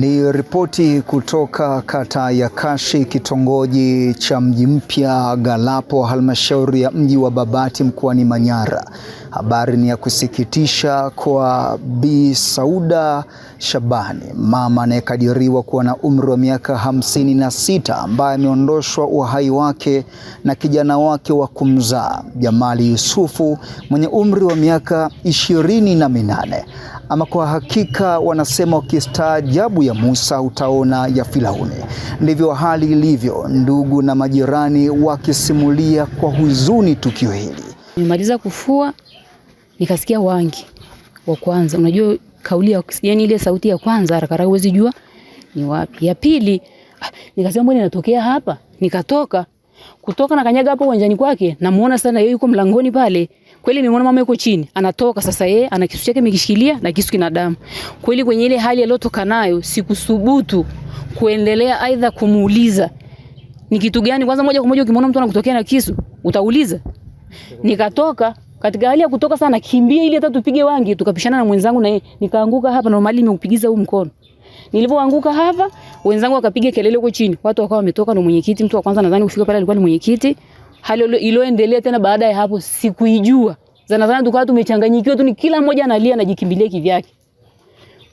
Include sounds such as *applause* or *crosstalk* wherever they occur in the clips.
Ni ripoti kutoka kata ya Kashi, kitongoji cha mji mpya Galapo, halmashauri ya mji wa Babati, mkoani Manyara. Habari ni ya kusikitisha kwa Bi Sauda Shabani, mama anayekadiriwa kuwa na umri wa miaka hamsini na sita ambaye ameondoshwa uhai wake na kijana wake wa kumzaa Jamali Yusufu mwenye umri wa miaka ishirini na minane. Ama kwa hakika wanasema ukistaajabu ya Musa utaona ya Firauni. Ndivyo hali ilivyo, ndugu na majirani wakisimulia kwa huzuni tukio hili. Nimemaliza kufua nikasikia wangi wa kwanza. Unajua kauli yani, ile sauti ya kwanza haraka haraka huwezi jua ni wapi. Ya pili ah, nikasema mbona inatokea hapa, nikatoka kutoka na kanyaga hapo uwanjani kwake, namuona sana yeye yuko mlangoni pale. Kweli nimeona mama yuko chini anatoka sasa, yeye ana kisu chake mikishikilia na kisu kina damu. Kweli kwenye ile hali aliyotoka nayo, sikuthubutu kuendelea aidha kumuuliza ni kitu gani. Kwanza moja kwa moja ukimwona mtu anakutokea na kisu utauliza? Nikatoka katika hali ya kutoka sana kimbia ili hata tupige wangi, tukapishana na mwenzangu na yeye nikaanguka hapa, normali nimeupigiza huu mkono. Nilipoanguka hapa, wenzangu wakapiga kelele huko chini, watu wakawa wametoka, na mwenyekiti, mtu wa kwanza nadhani kufika pale alikuwa ni mwenyekiti. Hali iliyoendelea tena baada ya hapo sikuijua, zana zana tukawa tumechanganyikiwa tu, ni kila mmoja analia, anajikimbilia kivyake.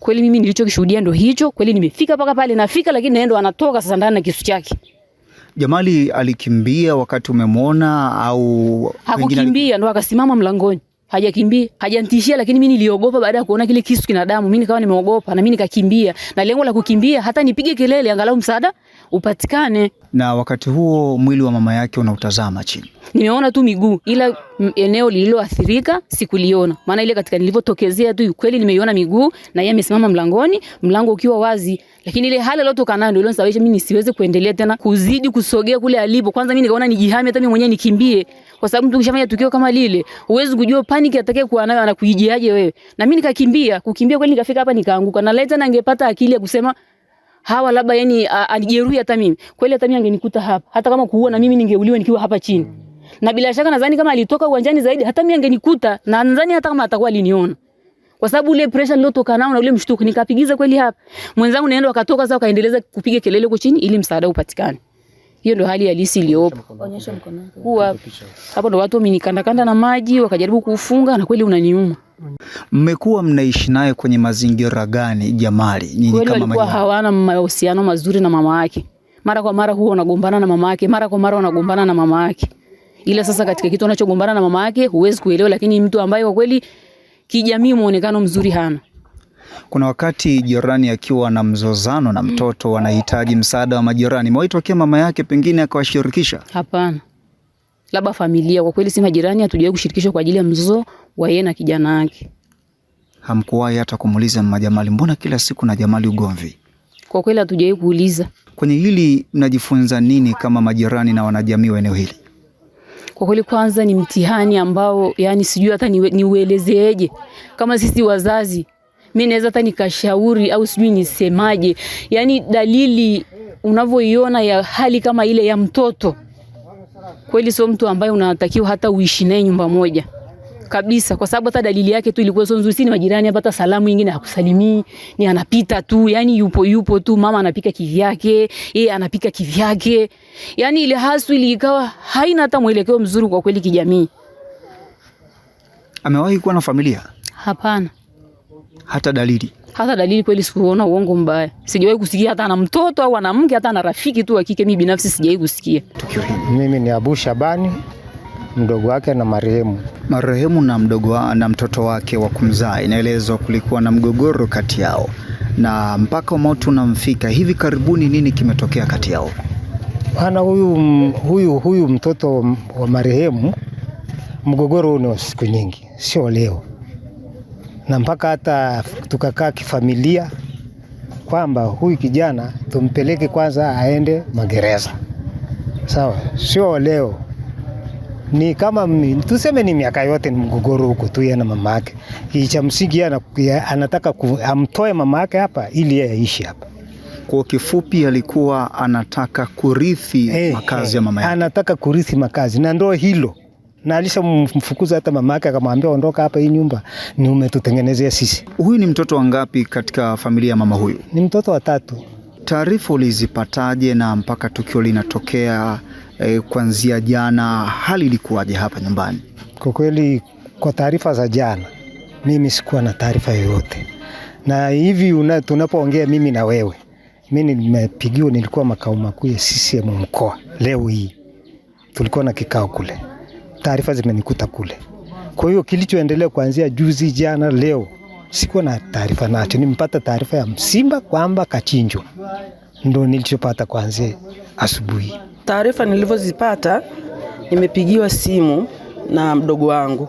Kweli mimi nilichokishuhudia ndo hicho. Kweli nimefika paka pale, nafika lakini naendo anatoka sasa ndani na kisu chake. Jamali alikimbia wakati umemwona au hakukimbia? Ndo akasimama mlangoni, hajakimbia hajantishia, lakini mi niliogopa baada ya kuona kile kisu kina damu, nikawa nimeogopa na mi nikakimbia, na lengo la kukimbia hata nipige kelele angalau msaada upatikane. Na wakati huo mwili wa mama yake unautazama chini, nimeona tu miguu, ila eneo lililoathirika sikuliona, maana ile katika nilivyotokezea tu kweli nimeiona miguu na yeye amesimama mlangoni, mlango ukiwa wazi, lakini ile hali aliyotoka nayo ndio iliyonisababisha mimi nisiweze kuendelea tena kuzidi kusogea kule alipo. Kwanza mimi nikaona nijihami, hata mimi mwenyewe nikimbie, kwa sababu mtu kishafanya tukio kama lile huwezi kujua paniki atakayekuwa nayo anakuijiaje wewe, na mimi nikakimbia. Kukimbia kweli nikafika hapa nikaanguka, na leo tena ningepata akili ya kusema hawa labda yani alijeruhi hata mimi kweli, hata mimi angenikuta hapa, hata kama kuua na mimi ningeuliwa nikiwa hapa chini. Na bila shaka nadhani kama alitoka uwanjani zaidi, hata mimi angenikuta, na nadhani hata kama atakuwa aliniona kwa sababu ule pressure nilotoka nao na ule mshtuko nikapigiza kweli hapa. Mwenzangu naenda wakatoka sasa wakaendeleza kupiga kelele huko chini ili msaada upatikane. Hiyo ndo hali halisi iliyopo. Onyesha mkono. wako. Hapo ndo watu wamenikandakanda na maji wakajaribu kuufunga na kweli unaniuma. Mmekuwa mnaishi naye kwenye mazingira gani Jamali? Nyinyi kama walikuwa hawana mahusiano mazuri na mama yake, mara kwa mara huwa wanagombana na mama yake, mara kwa mara wanagombana na mama yake. Ila sasa katika kitu anachogombana na mama yake huwezi kuelewa, lakini mtu ambaye kwa kweli kijamii muonekano mzuri hana. Kuna wakati jirani akiwa na mzozano na mtoto wanahitaji msaada wa majirani, mwaitokea mama yake pengine akawashirikisha? Hapana labda familia. Kwa kweli si majirani, hatujawahi kushirikishwa kwa ajili ya mzozo wa yeye na kijana wake. Hamkuwahi hata kumuuliza mama Jamali, mbona kila siku na Jamali ugomvi? Kwa kweli hatujawahi kuuliza. Kwenye hili mnajifunza nini kama majirani na wanajamii wa eneo hili? Kwa kweli kwanza ni mtihani ambao yani sijui hata niuelezeeje. Kama sisi wazazi, mimi naweza hata nikashauri au sijui nisemaje, yani dalili unavyoiona ya hali kama ile ya mtoto kweli sio mtu ambaye unatakiwa hata uishi naye nyumba moja kabisa, kwa sababu hata dalili yake tu ilikuwa sio nzuri. Si ni majirani hapa, hata salamu nyingine hakusalimii, ni anapita tu, yani yupo yupo tu. Mama anapika kivyake, yeye anapika kivyake, yani ile hasu ikawa haina hata mwelekeo mzuri kwa kweli kijamii. Amewahi kuwa na familia? Hapana hata dalili hata dalili kweli, sikuona uongo mbaya, sijawahi kusikia hata na mtoto au na mke hata na rafiki tu wa kike. Mimi binafsi sijawahi kusikia tukio Mimi ni Abu Shabani, mdogo wake na marehemu. Marehemu na mdogo wa, na mtoto wake wa kumzaa, inaelezwa kulikuwa na mgogoro kati yao na mpaka mauti unamfika. Hivi karibuni nini kimetokea kati yao? maana huyu, huyu, huyu mtoto wa marehemu, mgogoro huu ni wa siku nyingi, sio leo na mpaka hata tukakaa kifamilia kwamba huyu kijana tumpeleke kwanza aende magereza, sawa? Sio leo, ni kama tuseme ni miaka yote ni mgogoro huko tu yeye na mama yake. Cha msingi anataka ku, amtoe mama yake hapa ili yeye aishi hapa. Kwa kifupi, alikuwa anataka kurithi hey, eh, makazi eh, ya mama yake. Anataka kurithi makazi na ndio hilo na alishamfukuza hata mamake akamwambia, ondoka hapa, hii nyumba ni umetutengenezea sisi. Huyu ni mtoto wangapi katika familia ya mama huyu? Ni mtoto wa tatu. Taarifa ulizipataje na mpaka tukio linatokea eh, kuanzia jana, hali ilikuwaje hapa nyumbani? Kwa kweli, kwa taarifa za jana, mimi sikuwa na taarifa yoyote, na hivi tunapoongea mimi na wewe, mi nimepigiwa, nilikuwa makao makuu ya CCM mkoa. Leo hii tulikuwa na kikao kule taarifa zimenikuta kule. Kwa hiyo kilichoendelea kuanzia juzi, jana, leo sikuwa na taarifa nacho. Nimepata taarifa ya Msimba kwamba kachinjwa, ndo nilichopata kuanzia asubuhi. Taarifa nilivyozipata, nimepigiwa simu na mdogo wangu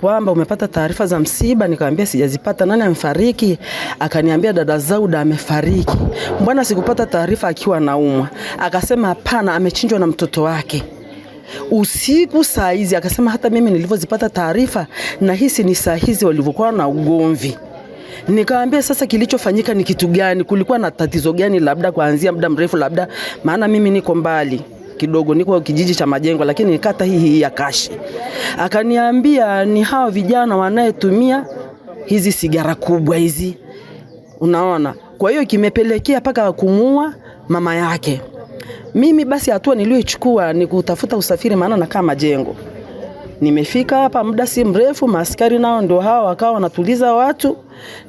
kwamba umepata taarifa za msiba. Nikamwambia sijazipata, nani amefariki? Akaniambia dada Zauda amefariki. Mbona sikupata taarifa akiwa anaumwa? Akasema hapana, amechinjwa na mtoto wake usiku saa hizi. Akasema hata mimi nilivyozipata taarifa na hisi ni saa hizi walivyokuwa na ugomvi Nikaambia sasa, kilichofanyika ni kitu gani? Kulikuwa na tatizo gani? Labda kuanzia muda mrefu, labda maana mimi niko mbali kidogo, niko kijiji cha Majengo, lakini nikata hii hii ya Kashi. Akaniambia ni hawa vijana wanayetumia hizi sigara kubwa hizi, unaona. Kwa hiyo kimepelekea mpaka kumuua mama yake. Mimi basi hatua niliyochukua ni kutafuta usafiri, maana nakaa Majengo. Nimefika hapa muda si mrefu, maaskari nao ndio hawa wakawa wanatuliza watu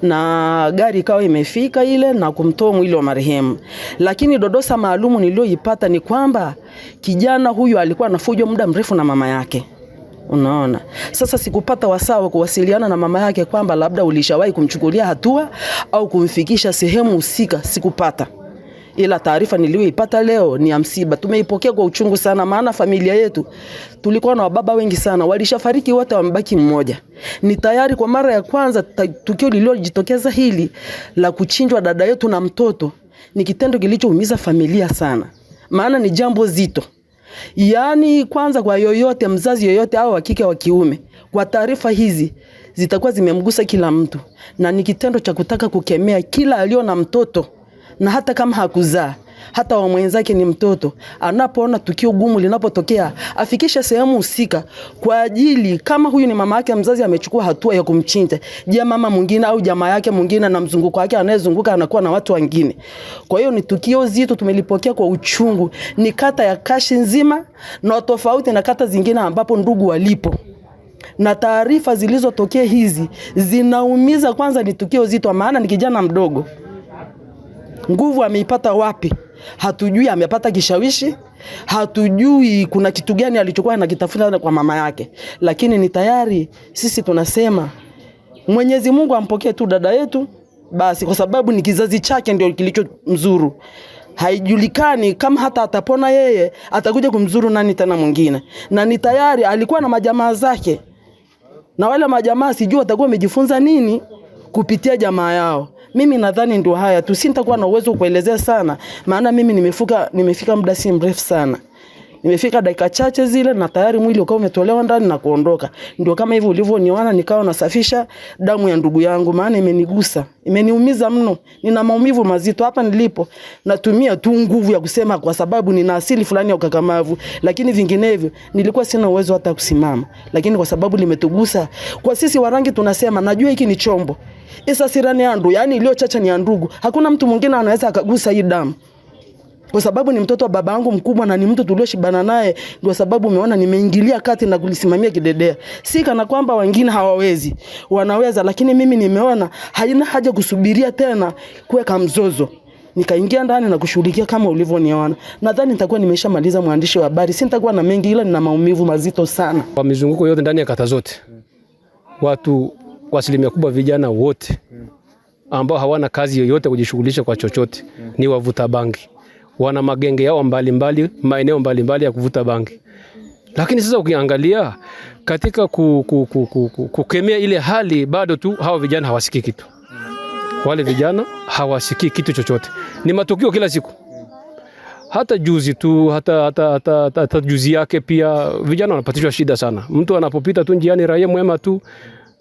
na gari ikawa imefika ile na kumtoa mwili wa marehemu. Lakini dodosa maalumu niliyoipata ni kwamba kijana huyu alikuwa anafujwa muda mrefu na mama yake. Unaona, sasa sikupata wasaa wa kuwasiliana na mama yake kwamba labda ulishawahi kumchukulia hatua au kumfikisha sehemu husika, sikupata ila taarifa niliyoipata leo ni ya msiba. Tumeipokea kwa uchungu sana, maana familia yetu tulikuwa na wababa wengi sana, walishafariki wote, wamebaki mmoja. Ni tayari kwa mara ya kwanza tukio lililojitokeza hili la kuchinjwa dada yetu na mtoto ni kitendo kilichoumiza familia sana, maana ni jambo zito. Yaani, kwanza kwa yoyote mzazi yoyote au wa kike wa kiume, kwa taarifa hizi zitakuwa zimemgusa kila mtu, na ni kitendo cha kutaka kukemea kila aliyo na mtoto na hata kama hakuzaa hata wa mwenzake ni mtoto, anapoona tukio gumu linapotokea afikishe sehemu husika kwa ajili, kama huyu ni mama yake mzazi amechukua hatua ya kumchinja, je, mama mwingine au jamaa yake mwingine na mzunguko wake anayezunguka anakuwa na watu wengine? Kwa hiyo ni tukio zito, tumelipokea kwa uchungu. Ni kata ya Kashi nzima na tofauti na kata zingine ambapo ndugu walipo na taarifa zilizotokea hizi zinaumiza. Kwanza ni tukio zito, maana ni kijana mdogo Nguvu ameipata wapi? Hatujui amepata kishawishi, hatujui kuna kitu gani alichokuwa anakitafuta kwa mama yake, lakini ni tayari sisi tunasema Mwenyezi Mungu ampokee tu dada yetu basi, kwa sababu ni kizazi chake ndio kilicho mzuru. Haijulikani kama hata atapona yeye, atakuja kumzuru nani tena mwingine? Na ni tayari alikuwa na majamaa zake, na wale majamaa sijui watakuwa wamejifunza nini kupitia jamaa yao. Mimi nadhani ndio haya tu, nitakuwa na uwezo kuelezea sana, maana mimi nimefuka, nimefika muda si mrefu sana. Nimefika dakika chache zile na tayari mwili ukawa umetolewa ndani na kuondoka. Ndio kama hivyo ulivyoniona, nikawa nasafisha damu ya ndugu yangu, maana imenigusa, imeniumiza mno. Nina maumivu mazito hapa nilipo. Natumia tu nguvu ya kusema kwa sababu nina asili fulani ya ukakamavu, lakini vinginevyo nilikuwa sina uwezo hata kusimama. Lakini kwa sababu limetugusa, kwa sisi Warangi tunasema, najua hiki ni chombo. Isa sirani andu, ndugu, yani iliyochacha ni ya ndugu. Hakuna mtu mwingine anaweza akagusa hii damu kwa sababu ni mtoto wa baba yangu mkubwa na ni mtu tulioshibana naye, ndio sababu umeona nimeingilia kati na kulisimamia kidedea. Si kana kwamba wengine hawawezi, wanaweza, lakini mimi nimeona haina haja kusubiria tena kuweka mzozo nikaingia ndani na kushughulikia kama ulivyoniona. Nadhani nitakuwa nimeshamaliza, mwandishi wa habari, si nitakuwa na mengi, ila nina maumivu mazito sana kwa mizunguko yote ndani ya kata zote. Watu kwa asilimia kubwa vijana wote ambao hawana kazi yoyote kujishughulisha kwa chochote ni wavuta bangi wana magenge yao mbalimbali maeneo mbalimbali ya kuvuta bangi. Lakini sasa ukiangalia katika ku, ku, ku, ku, ku, kukemea ile hali bado tu hawa vijana hawasikii kitu. Wale vijana hawasikii kitu chochote, ni matukio kila siku, hata juzi tu hata, hata, hata, hata, hata juzi yake pia vijana wanapatishwa shida sana. Mtu anapopita tu njiani, raia mwema tu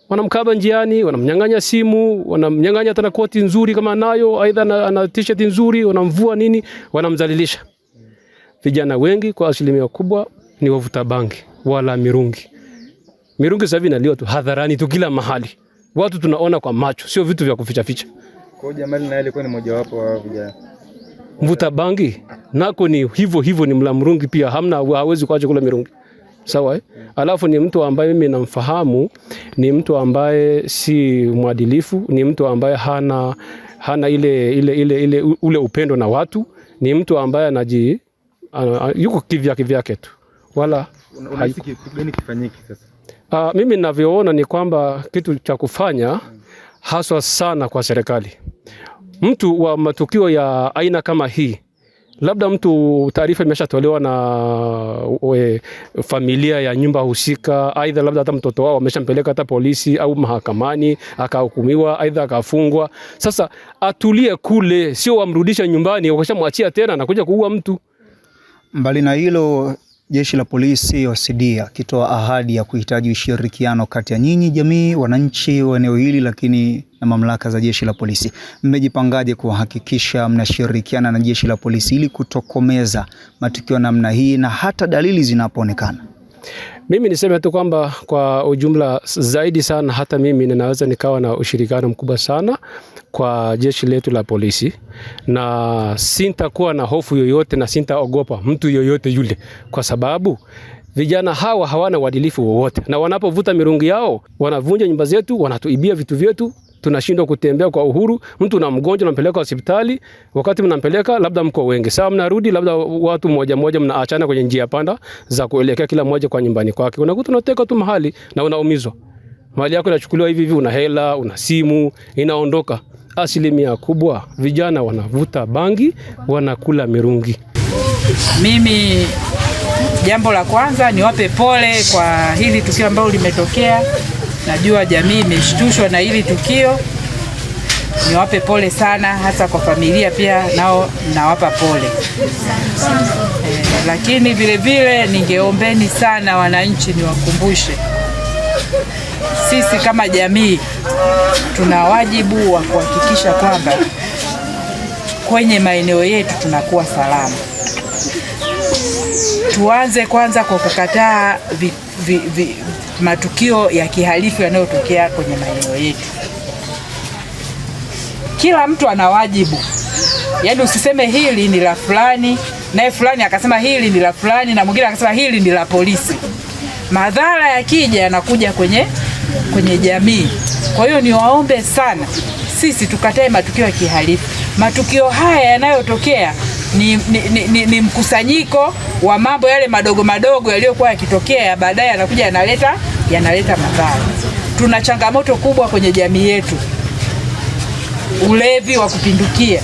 wanamkaba njiani, wanamnyang'anya simu, wanamnyang'anya hata koti nzuri kama nayo, aidha na, na t-shirt nzuri, wanamvua nini, wanamdhalilisha. Vijana wengi kwa asilimia kubwa ni wavuta bangi wala mirungi. Mirungi sasa hivi inaliwa tu hadharani tu kila mahali, watu tunaona kwa macho, sio vitu vya kuficha ficha. Kwa Jamali naye alikuwa ni wapo wa vijana mvuta bangi, nako ni hivyo hivyo, ni mla mrungi pia, hamna hawezi kuacha kula mirungi sawa eh? Alafu ni mtu ambaye mimi namfahamu, ni mtu ambaye si mwadilifu, ni mtu ambaye hana, hana ile, ile, ile, ile, ule upendo na watu, ni mtu ambaye anaji yuko kivyake vyake tu wala Uh, mimi ninavyoona ni kwamba kitu cha kufanya haswa sana kwa serikali, mtu wa matukio ya aina kama hii labda mtu taarifa imeshatolewa na we, familia ya nyumba husika, aidha labda hata mtoto wao ameshampeleka hata polisi au mahakamani akahukumiwa, aidha akafungwa. Sasa atulie kule, sio wamrudisha nyumbani wakishamwachia tena anakuja kuua mtu. Mbali na hilo Jeshi la polisi wasidia akitoa ahadi ya kuhitaji ushirikiano kati ya nyinyi jamii, wananchi wa eneo hili, lakini na mamlaka za jeshi la polisi. Mmejipangaje kuhakikisha mnashirikiana na jeshi la polisi ili kutokomeza matukio namna hii na hata dalili zinapoonekana? Mimi niseme tu kwamba kwa ujumla zaidi sana, hata mimi ninaweza nikawa na ushirikiano mkubwa sana kwa jeshi letu la polisi, na sintakuwa na hofu yoyote na sintaogopa mtu yoyote yule, kwa sababu vijana hawa hawana uadilifu wowote, na wanapovuta mirungi yao wanavunja nyumba zetu, wanatuibia vitu vyetu tunashindwa kutembea kwa uhuru. Mtu na mgonjwa nampeleka hospitali, wakati mnampeleka labda mko wengi, saa mnarudi labda watu moja moja, mnaachana kwenye njia panda za kuelekea kila mmoja kwa nyumbani kwake. Unakuta unateka tu mahali na unaumizwa, mali yako inachukuliwa hivi hivi, una hela, una simu, inaondoka. Asilimia kubwa vijana wanavuta bangi, wanakula mirungi. Mimi jambo la kwanza niwape pole kwa hili tukio ambalo limetokea. Najua jamii imeshtushwa na hili tukio, niwape pole sana, hasa kwa familia pia nao nawapa pole e, lakini vilevile ningeombeni sana wananchi, niwakumbushe sisi kama jamii tuna wajibu wa kuhakikisha kwamba kwenye maeneo yetu tunakuwa salama. Tuanze kwanza kwa kukataa vi, vi, vi, matukio ya kihalifu yanayotokea kwenye maeneo yetu. Kila mtu ana wajibu, yaani usiseme hili ni la fulani, naye fulani akasema hili ni la fulani, na mwingine akasema hili ni la polisi. Madhara yakija yanakuja kwenye, kwenye jamii. Kwa hiyo niwaombe sana sisi tukatae matukio ya kihalifu. Matukio haya yanayotokea ni, ni, ni, ni mkusanyiko wa mambo yale madogo madogo yaliyokuwa yakitokea ya baadaye yanakuja yanaleta yanaleta madhara. Tuna changamoto kubwa kwenye jamii yetu, ulevi wa kupindukia,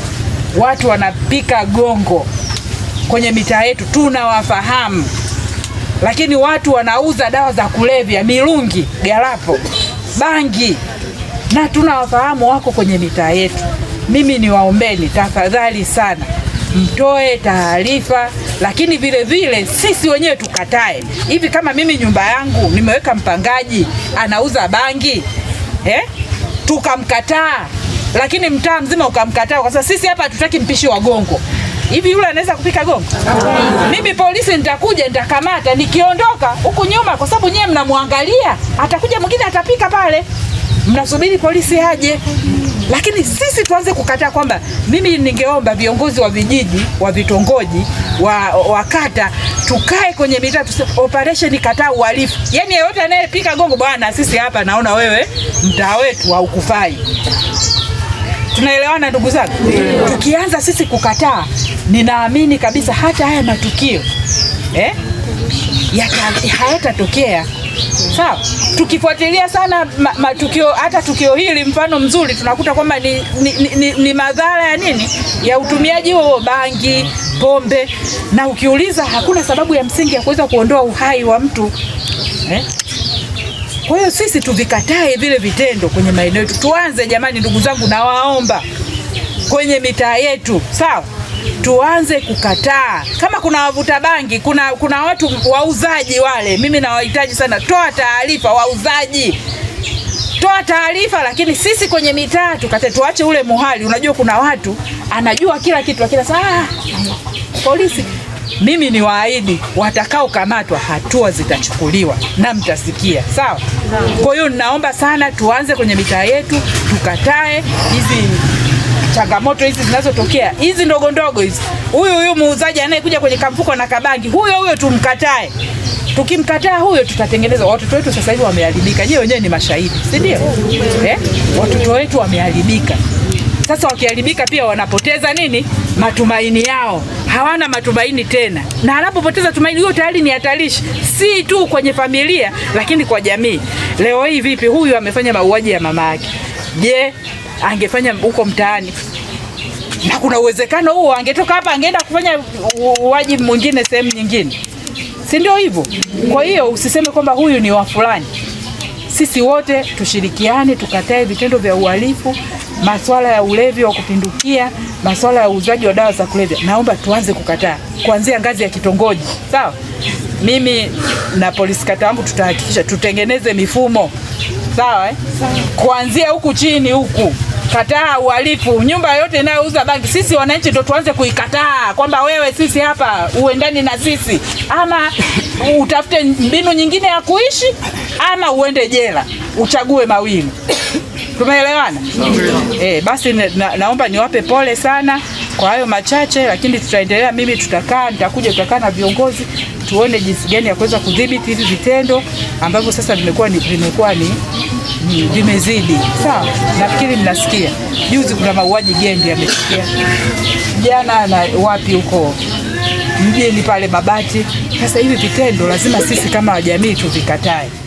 watu wanapika gongo kwenye mitaa yetu, tunawafahamu lakini watu wanauza dawa za kulevya, mirungi, garapo, bangi na tunawafahamu, wako kwenye mitaa yetu. Mimi niwaombeni tafadhali sana mtoe taarifa, lakini vile vile sisi wenyewe tukatae. Hivi kama mimi nyumba yangu nimeweka mpangaji anauza bangi eh? Tukamkataa, lakini mtaa mzima ukamkataa, kwa sababu sisi hapa hatutaki mpishi wa gongo. Hivi yule anaweza kupika gongo? Mimi polisi nitakuja nitakamata, nikiondoka huku nyuma, kwa sababu nyewe mnamwangalia, atakuja mwingine atapika pale mnasubiri polisi aje, lakini sisi tuanze kukataa kwamba mimi ningeomba viongozi wa vijiji wa vitongoji wa, wa kata tukae kwenye mitaa operation kataa uhalifu. Yani yeyote anayepika gongo, bwana, sisi hapa naona wewe mtaa wetu haukufai. Tunaelewana ndugu zangu? Yeah. Tukianza sisi kukataa, ninaamini kabisa hata haya matukio eh, hayatatokea. Sawa, tukifuatilia sana matukio ma, hata tukio hili mfano mzuri tunakuta kwamba ni, ni, ni, ni madhara ya nini ya utumiaji huo bangi, pombe, na ukiuliza hakuna sababu ya msingi ya kuweza kuondoa uhai wa mtu eh? Kwa hiyo sisi tuvikatae vile vitendo kwenye maeneo yetu. Tuanze jamani, ndugu zangu, nawaomba kwenye mitaa yetu, sawa tuanze kukataa. Kama kuna wavuta bangi, kuna, kuna watu wauzaji wale, mimi nawahitaji sana, toa taarifa wauzaji toa taarifa, lakini sisi kwenye mitaa tukate, tuache ule muhali. Unajua kuna watu anajua kila kitu, akila saa ah, polisi. Mimi ni waahidi watakaokamatwa hatua zitachukuliwa na mtasikia, sawa? Kwa hiyo naomba sana tuanze kwenye mitaa yetu tukatae hizi changamoto hizi zinazotokea hizi ndogo ndogo hizi, huyu huyu muuzaji anayekuja kwenye kamfuko na kabangi, huyo huyo tumkatae. Tukimkataa huyo tutatengeneza watoto wetu. Sasa hivi wameharibika, nyie wenyewe ni mashahidi, si ndio? Eh, watoto wetu wameharibika. Sasa wakiharibika pia wanapoteza nini? Matumaini yao, hawana matumaini tena, na anapopoteza tumaini huyo tayari ni hatarishi, si tu kwenye familia, lakini kwa jamii. Leo hii vipi, huyu amefanya mauaji ya mama yake, je angefanya huko mtaani, na kuna uwezekano huo angetoka hapa angeenda kufanya wajibu mwingine sehemu nyingine, si ndio hivyo? Kwa hiyo usiseme kwamba huyu ni wa fulani. Sisi wote tushirikiane, tukatae vitendo vya uhalifu, masuala ya ulevi wa kupindukia, masuala ya uuzaji wa dawa za kulevya. Naomba tuanze kukataa kuanzia ngazi ya kitongoji, sawa? Mimi na polisi kata wangu tutahakikisha tutengeneze mifumo sawa eh? Kuanzia huku chini huku kataa uhalifu. Nyumba yote inayouza bangi, sisi wananchi ndo tuanze kuikataa kwamba wewe, sisi hapa uendani na sisi, ama *coughs* utafute mbinu nyingine ya kuishi, ama uende jela, uchague mawili. *coughs* Tumeelewana eh? Basi na, naomba niwape pole sana kwa hayo machache, lakini tutaendelea. Mimi tutakaa, nitakuja, tutakaa na viongozi tuone jinsi gani ya kuweza kudhibiti hivi vitendo ambavyo sasa vimekuwa ni, vimekuwa ni vimezidi. Sawa, nafikiri mnasikia, juzi kuna mauaji genge yametokea, jana na wapi huko mjini pale Babati. Sasa hivi vitendo lazima sisi kama jamii tuvikatae.